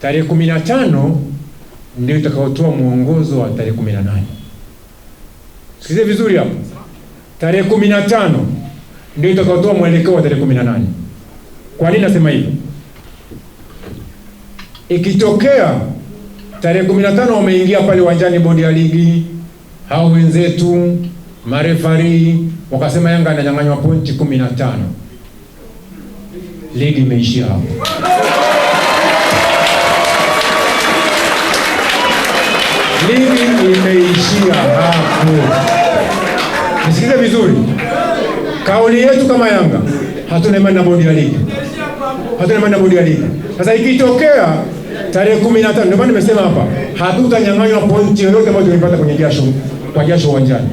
Tarehe kumi na tano ndio itakaotoa mwongozo wa tarehe kumi na nane. Sikize vizuri hapo, tarehe kumi na tano ndio itakaotoa mwelekeo wa tarehe kumi na nane. Kwa nini nasema hivyo? Ikitokea tarehe kumi na tano wameingia pale uwanjani, bodi ya ligi hao wenzetu marefari wakasema Yanga ananyang'anywa pointi kumi na tano, ligi imeishia hapo. mimi imeishia hapo. Nisikize vizuri, kauli yetu kama Yanga, hatuna imani na bodi ya ligi, hatuna imani na bodi ya ligi. Sasa ikitokea tarehe kumi na tano, ndio maana nimesema hapa hatutanyang'anywa pointi yoyote ambayo tumeipata kwenye jasho kwa jasho uwanjani.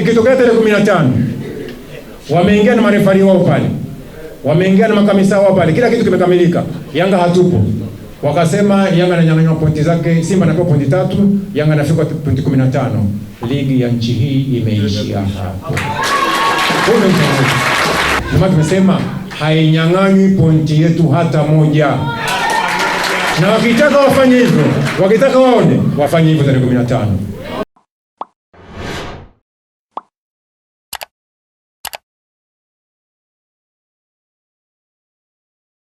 Ikitokea tarehe kumi na tano wameingia na marefari wao pale, wameingia na makamisa wao pale, kila kitu kimekamilika, Yanga hatupo wakasema Yanga ananyang'anywa pointi zake, Simba anapewa pointi tatu, Yanga anafika pointi 15. Ligi ya nchi hii imeishia hapo. Ndio tumesema hainyang'anywi pointi yetu hata moja, na wakitaka wafanye hivyo, wakitaka waone wafanye hivyo tarehe 15.